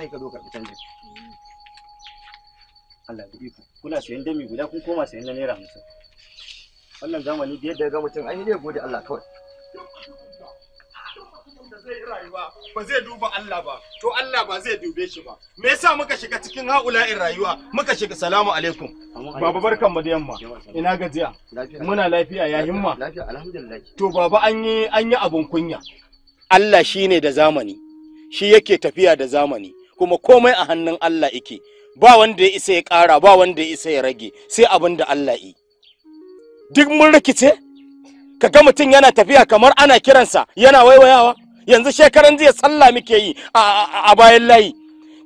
ne ka zo karɓi canjin Allah da iko kuna sayan dami guda kun koma sayan na naira hamsin wannan zamani da yadda ya ga mutum ai ne gode Allah kawai ba zai duba Allah ba to Allah ba zai dube shi ba me yasa muka shiga cikin haula'in rayuwa muka shiga salamu alaikum baba barkan mu da yamma ina gajiya muna lafiya ya himma lafiya alhamdulillah to baba an yi an yi abun kunya Allah shine da zamani shi yake tafiya da zamani kuma komai a hannun Allah yake ba wanda ya isa ya ƙara ba wanda ya isa ya rage sai abin da Allah yi duk mun rikice ka ga mutum yana tafiya kamar ana kiransa yana waiwayawa yanzu shekaran jiya sallah muke yi a bayan layi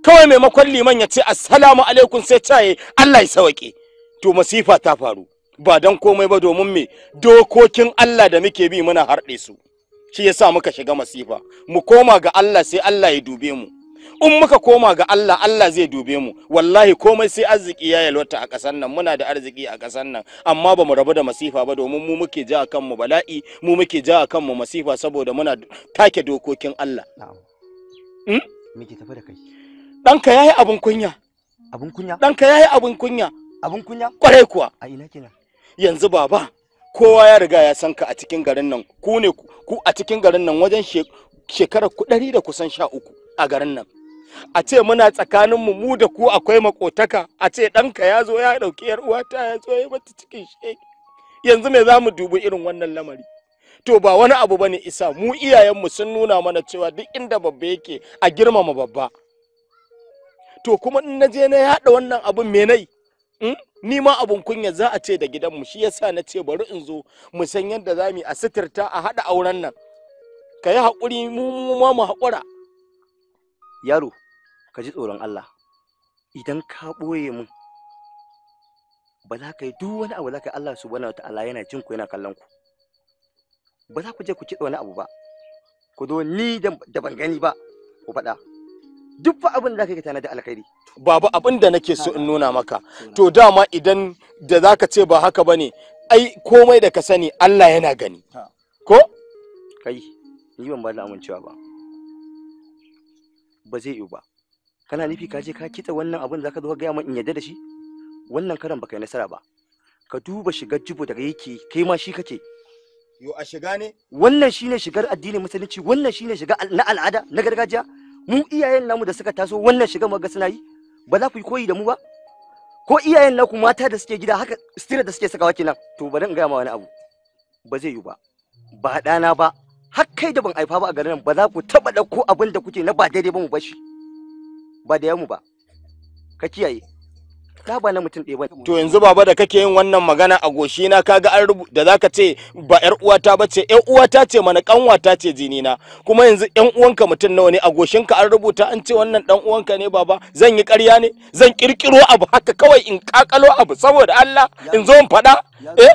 kawai maimakon liman ya ce assalamu alaikum sai caye Allah ya sauke to masifa ta faru ba don komai ba domin me dokokin Allah da muke bi muna harɗe su shi yasa muka shiga masifa mu koma ga Allah sai Allah ya dube mu in muka koma ga Allah Allah zai dube mu wallahi komai sai arziki ya yalwata a ƙasar nan muna da arziki a ƙasar nan amma ba mu rabu da masifa ba domin mu muke ja kanmu bala'i mu muke ja kanmu masifa saboda muna take dokokin Allah na'am hmm? me tafi da kai danka yayi abun kunya abun kunya danka yayi abun kunya abun kunya kwarai kuwa a ina kenan yanzu baba kowa ya riga ya san ka a cikin garin nan ku ne ku a cikin garin nan wajen shekarar ku ɗari da kusan sha uku a garin nan a ce muna tsakanin mu da ku akwai makotaka a ce ɗanka ya zo ya ɗauki yar uwata ya zo ya mata cikin shege yanzu me za mu dubi irin wannan lamari to ba wani abu bane isa mu iyayenmu sun nuna mana cewa duk inda babba yake a girmama babba to kuma in na je na yaɗa wannan abun me nai Hmm? ni ma abun kunya za a ce da gidanmu shi yasa na ce bari in zo mu san yadda za mu a sitirta a haɗa auren nan ka yi haƙuri mu ma mu haƙura yaro ka ji tsoron Allah idan ka ɓoye mu, ba za ka yi duk wani abu za ka yi Allah wata ta'ala yana cinku, yana kallon ku ba za ku je ku kitsa wani abu ba ku zo ni da ban gani ba ku faɗa duk fa abin da zaka tana da alkhairi babu abin da nake so in nuna maka to dama idan da zaka ce ba haka bane ai komai da ka sani Allah yana gani ko kai ni ban ba amincewa ba ba zai yi ba kana nufi ka je ka kitsa wannan abin zaka zo ka gaya min in yadda da shi wannan karan baka yi nasara ba ka duba shigar jibo daga yake kai ma shi kake yo a shiga ne wannan shine shigar addinin musulunci wannan shine shiga na al'ada na gargajiya mu iyayen namu da suka taso wannan shiga maga suna yi ba za ku yi koyi da mu ba ko iyayen naku mata da suke gida haka stira da suke sakawa kenan to bari in gaya ma wani abu ba zai yi ba ba ɗana ba har kai da ban aifa ba a garin ba za ku taɓa ɗauko abin da kuke na ba daidai ba mu bashi ba da yamu ba ka kiyaye ka mutum ɗaya ba to yanzu baba da kake yin wannan magana a goshi na kaga an rubuta da zaka ce ba ƴar uwata ba ce yar uwata ce mana kanwata ce jini na kuma yanzu ƴan uwanka mutum nawa ne a goshinka an rubuta an ce wannan ɗan uwanka ne baba zan yi ƙarya ne zan kirkiro abu haka kawai in kakalo abu saboda Allah in zo in faɗa eh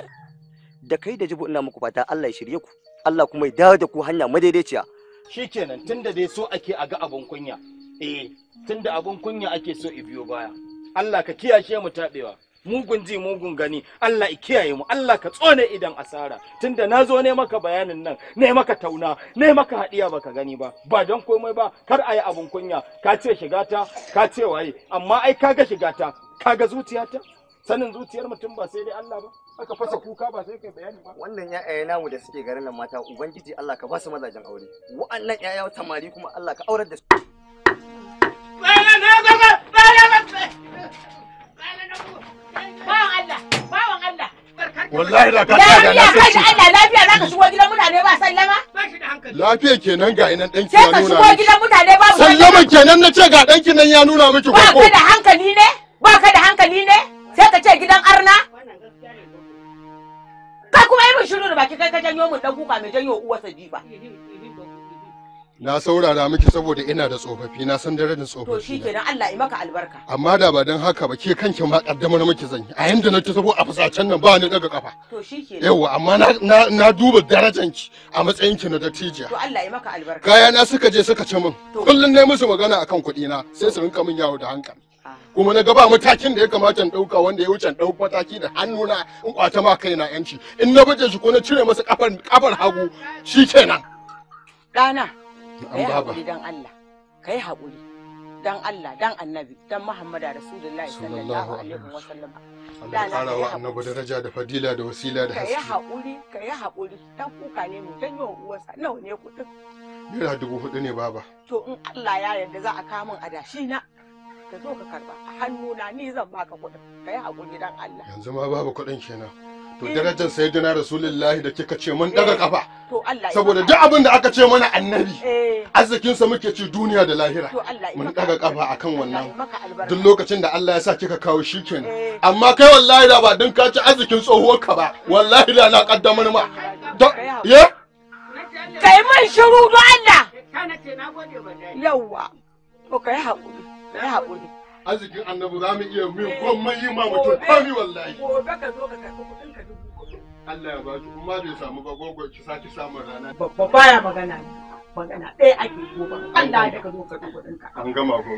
da kai da jibo ina muku fata Allah ya shirye ku Allah kuma ya dawo da ku hanya madaidaiciya shikenan tunda dai so ake a ga abun kunya eh tunda abun kunya ake so i biyo baya Allah ka kiyashe mu taɓewa mugun ji mugun gani Allah i kiyaye mu Allah ka tsone idan asara tunda na zo ne maka bayanin nan ne maka tauna ne maka hadiya baka gani ba ba don komai ba kar a yi abun kunya ka ce shigata ka ce waye amma ai kaga shigata kaga zuciyata sanin zuciyar mutum ba sai dai Allah ba aka fasa kuka ba sai kai bayani ba wannan ya'ya namu da suke garin nan mata ubangiji Allah ka ba su mazajen aure wa'annan ya'ya tamari kuma Allah ka aurar da su wallahi da ka tsaya na sai ci Allah lafiya za ka shigo gidan mutane ba sallama lafiya kenan ga inan danki ya nuna sai ka shigo gidan mutane ba sallama kenan na ce ga danki nan ya nuna miki ba ka da hankali ne ba ka da hankali ne sai ka ce gidan arna ka kuma yi mun shiru da baki kai ka janyo mun dan kuka mai janyo uwarsa jiba na saurara miki saboda ina da tsofaffi na san darajar tsofaffi to shikenan Allah ya maka albarka amma da ba dan haka ba ke kanki ma kaddamar miki zan yi a yanda nake sabo a fasacen nan ba ni daga kafa to shikenan amma na na duba darajanki a matsayin ki na dattijiya to Allah ya maka albarka kaya na suka je suka ci min kullun ne musu magana akan kuɗi na sai su rinka min yawo da hankali ah. kuma na gaba matakin da ya kamata in ɗauka wanda ya wuce ɗau mataki da hannuna in kwata ma na yanci in na baje shi ko na cire masa kafar kafar hagu shikenan ɗana Kai haƙuri dan Allah. Kai haƙuri. Dan Allah, dan Annabi, don Muhammadu Rasulullahi sallallahu alaihi wa sallam. Allah ya ƙara wa Annabi daraja da fadila da wasila da haske. Kai haƙuri, kai haƙuri. Dan kuka ne mu dan yawan uwarsa. Nawa ne kuɗin? Naira dubu hudu ne baba. To in Allah ya yarda za a kawo min adashi na. Ka zo ka karba a hannuna ni zan baka kuɗin. Kai haƙuri don Allah. Yanzu ma babu kuɗin kenan. to darajar sayyidina rasulullahi da kika ce mun daga eh, kafa saboda duk abin da aka ce mana annabi eh. arzikinsa muke ci duniya da lahira mun daga kafa akan wannan duk lokacin da Allah ya sa kika kawo shikenan eh. amma kai wallahi da ba dan ka ci arzikin tsohuwar ka ba wallahi da na kaddamar ma ya kai mun shiru don Allah yawwa to kai haƙuri kai haƙuri arzikin annabu za mu iya min gwamman yi ma mutum kwami wallahi. Gobe ka zo ka karɓi kuɗin ka dubu kuɗi. Allah ya baki kuma ya samu ba gogo ki saki samun rana. Babba baya magana ne, magana ɗaya ake gobe Allah ya ka zo ka karɓi kuɗin ka. An gama ko.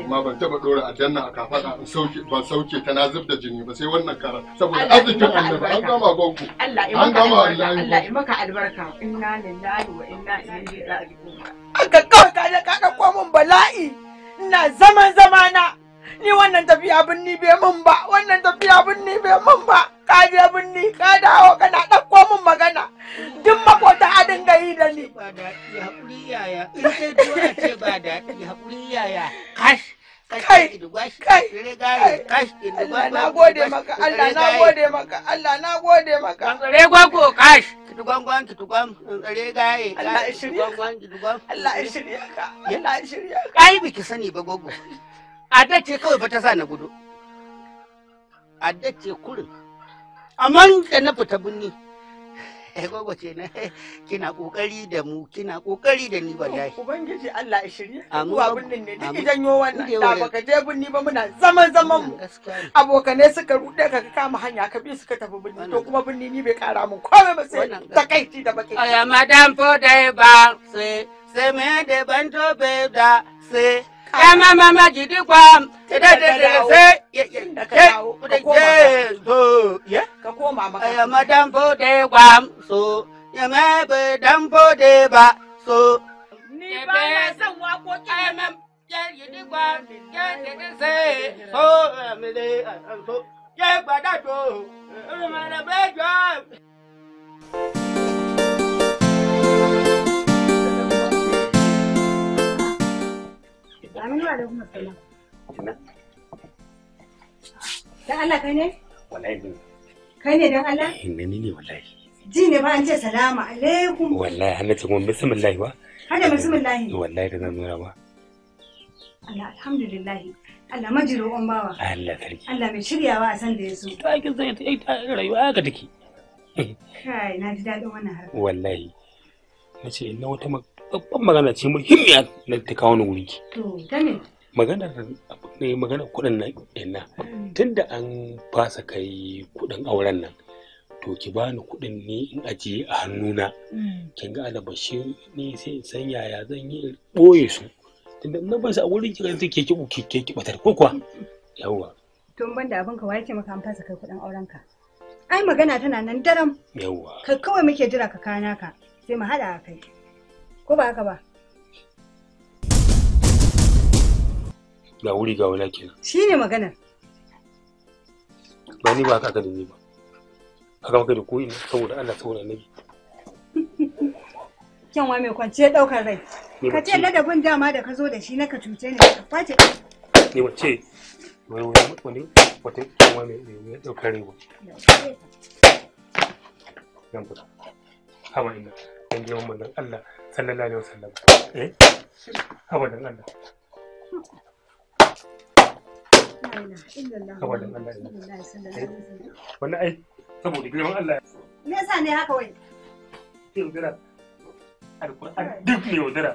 Amma ban taɓa ɗora a aljanna a kafaɗa in sauke ban sauke ta na zub da jini ba sai wannan karan saboda arzikin annabi an gama gogo. Allah ya maka albarka Allah ya maka albarka inna lillahi wa inna ilaihi raji'un. An ka kawai ka ka ɗauko min bala'i. ina zaman zamana ni wannan tafiya binni bai mun ba wannan tafiya binni bai mun ba ka je binni ka dawo kana ɗauko mun magana duk makota a dinga yi da ni ba daɗi haƙuri yaya in sai dole ce ba daɗi haƙuri yaya kash kai kai kai na gode maka Allah na gode maka Allah na gode maka tsare gwagwo kash kitugwangwan kitugwam tsare gaye Allah ya shirya kitugwam Allah ya shirya ka Allah shirya ka ai biki sani ba gwagwo adda ce kawai ba ta sa na gudu adda ce kurin amma da na fita binni Eh, gogo ce na kina kokari da mu kina kokari da ni wallahi ubangiji Allah ya shirye zuwa ne duk idan yo wannan da baka je birni ba muna zaman zaman mu abokanai suka rude ka kama hanya ka bi suka tafi birni to kuma birni ni bai kara mun komai ba sai takaici da baki aya madam fo dai ba sai sai me banto be da sai ya mama ma jidi kwam se ye ka ko mama ya madam bo de kwam so ya me be dam bo de ba so ni ba na san wa ko ki mama ya jidi kwam ya de de se so me de so ye gbada to o ma na be jo Thank you. aminu alaikum assalam dan Allah kai ne wallahi ne ne dan Allah eh ne ne wallahi ji ne ba an ce salamu alaikum wallahi hana ce mun bismillah ba hada bismillah wallahi da zan nuna ba Allah Allah majiro on bawa Allah sarki Allah mai shiryawa a san da yaso to ta rayuwa na ji wata babban magana ce muhimmiya na ta kawo ni wuri. Maganar ne magana kuɗin nan tun mm. tunda an fasa kai kuɗin auren nan to ki bani kuɗin ne in ajiye a hannuna mm. kin ga bashi ne sai in san yaya zan yi ɓoye su tunda na ba a wurin kiran sai ke ki ke ki batar ko kuwa yawwa tun ban da abin ka waye maka an fasa kai kuɗin auren ka ai magana tana nan daram yawwa kai kawai muke jira ka kana ka sai mu haɗa kai ko ba haka ba da wuri ga wula kenan shine magana ba ni ba haka da ni ba haka maka da ko ina saboda Allah saboda nabi kyan wa mai kwanciyar daukar rai ka ce ladabin dama da ka zo da shi na ka cuce ne ka kwace ne wace wani wani wata kyan wa mai daukar rai ba yan kuda haba ina dan girman manzon Allah sallallahu alaihi wasallam eh abadan Allah abadan Allah eh? wannan ai saboda girman Allah me yasa ne haka wai yaudara alquran duk ne yaudara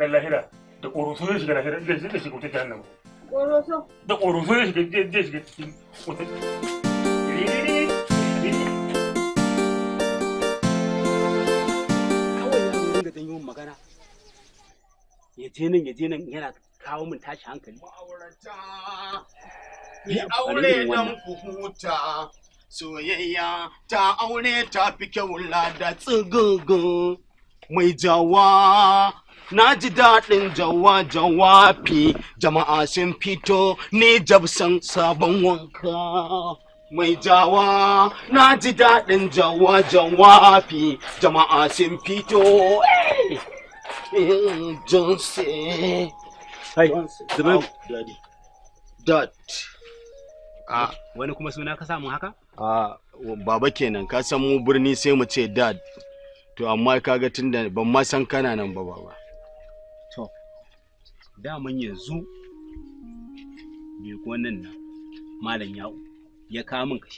ran lahira da koroso ya shiga lahira zai shiga wutar jahannama koroso da koroso ya shiga zai shiga cikin wutar je nan ya je nan yana kawo min tashi hankali ma'aurata ni aure nan ku huta soyayya ta aure ta fi kyau lada tsigingo mai jawa na ji daɗin jawa jawafi jama'a sun fito ni jabsan sabon wanka mai jawa na ji daɗin jawa jawafi jama'a sun fito Hey, don't say. Hi, Zubair. Daddy. Dad. Ah, wani kuma suna ka samu haka? Ah, baba kenan, ka san mu birni sai mu ce dad. To amma kaga tunda ban ma san kana nan ba baba. To. Daman yanzu me gonan nan malam yawo ya kawo min ka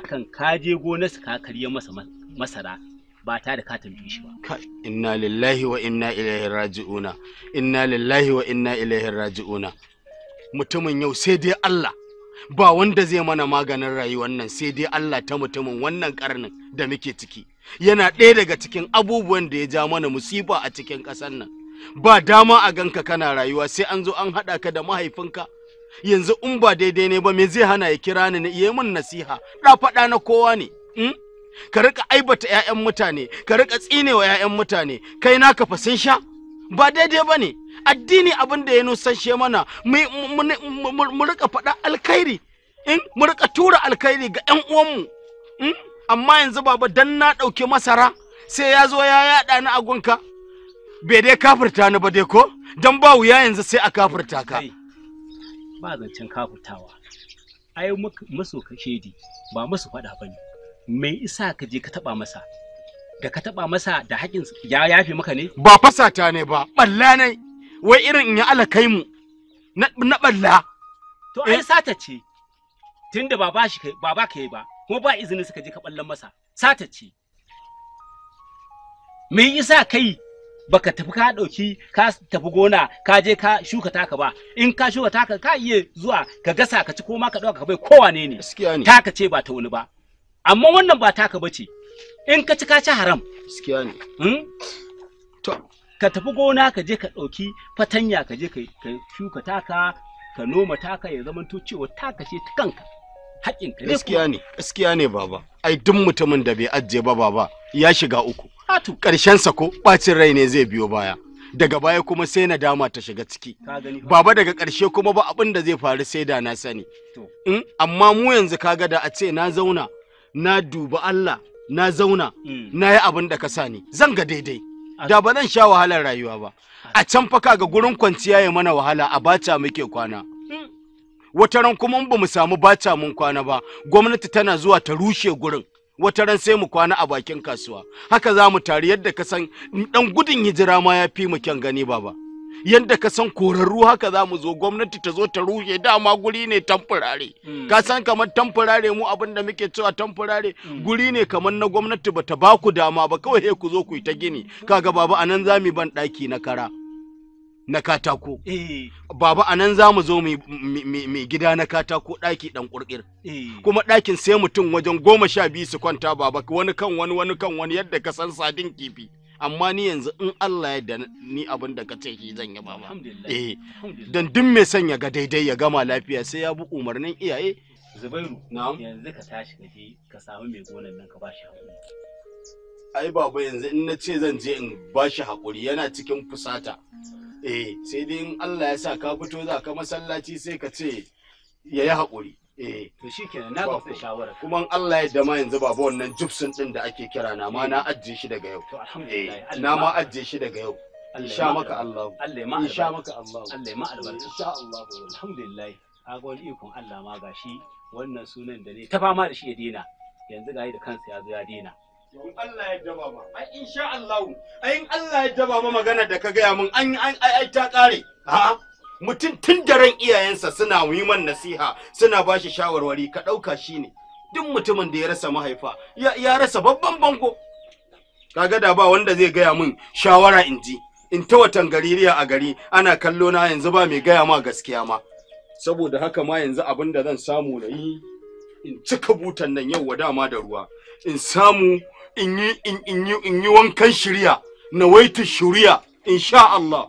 akan ka je gonarsa ka karya masa masara ba ta da katin shi ba inna lillahi wa inna ilaihi raji'una inna lillahi wa inna ilaihi raji'una mutumin yau sai dai Allah ba wanda zai mana maganin rayuwar nan sai dai Allah ta mutumin wannan karnin da muke ciki yana ɗaya daga cikin abubuwan da ya ja mana musiba a cikin ƙasar nan ba dama a ganka kana rayuwa sai an zo an haɗa ka da mahaifinka yanzu in ba daidai ne ba me zai hana ya kira ni na iya mun nasiha ɗa faɗa na kowa ne hmm? ka rika aibata 'ya'yan mutane ka rika tsinewa 'ya'yan mutane kai na ka fasin sha ba daidai ba ne addini abin da ya nusashe mana mu rika faɗa alkhairi in mu rika tura alkhairi ga 'yan uwanmu hmm? amma yanzu baba dan na ɗauki masara sai ya zo ya yaɗa ni a gunka bai dai kafirta ni ba dai ko dan ba wuya yanzu sai a kafirta ka ba zancen kafirtawa ai musu kashedi ba musu faɗa ba ne me isa ka je ka taba masa da ka taba masa da hakin ya yafe maka ne ba fasata ne ba balla ne wai irin in ya alakai mu na balla to ai eh? sata ce tunda ba ba shi ba ba kai ba kuma ba izinin suka je ka ballan masa sata ce me yasa kai baka tafi ka dauki ka tafi gona ka je ka shuka taka ba in ka shuka taka ka iya zuwa ka gasa ka ci ko ma ka dauka ka bai kowane ne taka ce ba ta wani ba amma wannan ba taka bace in ka ci ka ci haram gaskiya ne hmm? to ka tafi gona ka je ka ɗauki fatanya ka je ka shuka taka ka noma taka ya zama to cewa taka ce ta kanka haƙin gaskiya ne gaskiya ne baba ai duk mutumin da bai ajje ba baba ya shiga uku ƙarshen sa ko bacin rai ne zai biyo baya daga baya kuma sai na dama ta shiga ciki baba daga karshe kuma ba abin da zai faru sai da na sani hmm? amma mu yanzu kaga da a ce na zauna na duba Allah na zauna hmm. na yi abin da ka sa ni zan ga daidai da ba zan sha wahalar rayuwa ba a can fa ga gurin kwanciya ya mana wahala a bata muke kwana hmm. wata ran kuma ba mu samu bata mun kwana ba gwamnati tana zuwa ta rushe gurin wata ran sai mu kwana a bakin kasuwa haka za mu tari yadda ka san dan gudun hijira ma ya fi mu kyan gani baba yadda ka san korarru haka za mu zo gwamnati ta zo ta ruhe dama guri ne tamfurare hmm. ka san kamar tamfurare mu abin da muke cewa tamfurare hmm. guri ne kamar na gwamnati ba ta ba ku dama ba kawai ku zo ku yi ta gini kaga baba anan za mu ban ɗaki na kara na katako eh. baba anan za mu zo mu gida na katako ɗaki ɗan ƙurƙir eh. kuma ɗakin sai mutum wajen goma sha biyu su kwanta baba wani kan wani wani kan wani yadda ka san sadin kifi amma ni yanzu in Allah ya da ni abin da ka ce zan yi ba ba eh don duk mai son ya ga daidai ya gama lafiya sai ya bi umarnin iyaye Zubairu yanzu ka tashi ka je ka samu mai gonan nan ka ba shi hakuri ai baba yanzu in na ce zan je in ba shi hakuri yana cikin fusata eh sai dai in Allah ya sa ka fito za ka masallaci sai ka ce ya yi hakuri Eh, to shi kenan na gamsa shawara kuma Allah ya dama yanzu babu wannan jibsin din da ake kira na ma na ajiye shi daga yau alhamdulillah eh, na ma ajiye shi daga yau insha maka Allah Allah ma insha maka Allah Allah ma albarka insha Allah alhamdulillah kaga wani ikon Allah ma gashi wannan sunan da ne ta fama da shi ya dena yanzu gayi da kansa ya zo ya dena in Allah ya daba ma ai insha Allah ai in Allah ya daba ma magana da ka gaya mun an ai ta kare a'a mutum tun daren iyayensa suna yi nasiha suna ba shi shawarwari ka ɗauka shi ne duk mutumin da ya rasa mahaifa ya rasa babban bango kaga da ba wanda zai gaya min shawara in ji in ta watan gaririya a gari ana kallo na yanzu ba mai gaya ma gaskiya ma saboda haka ma yanzu abin da zan samu na yi in cika butan nan yau wa dama da ruwa in samu in yi wankan shirya na waita shirya insha Allah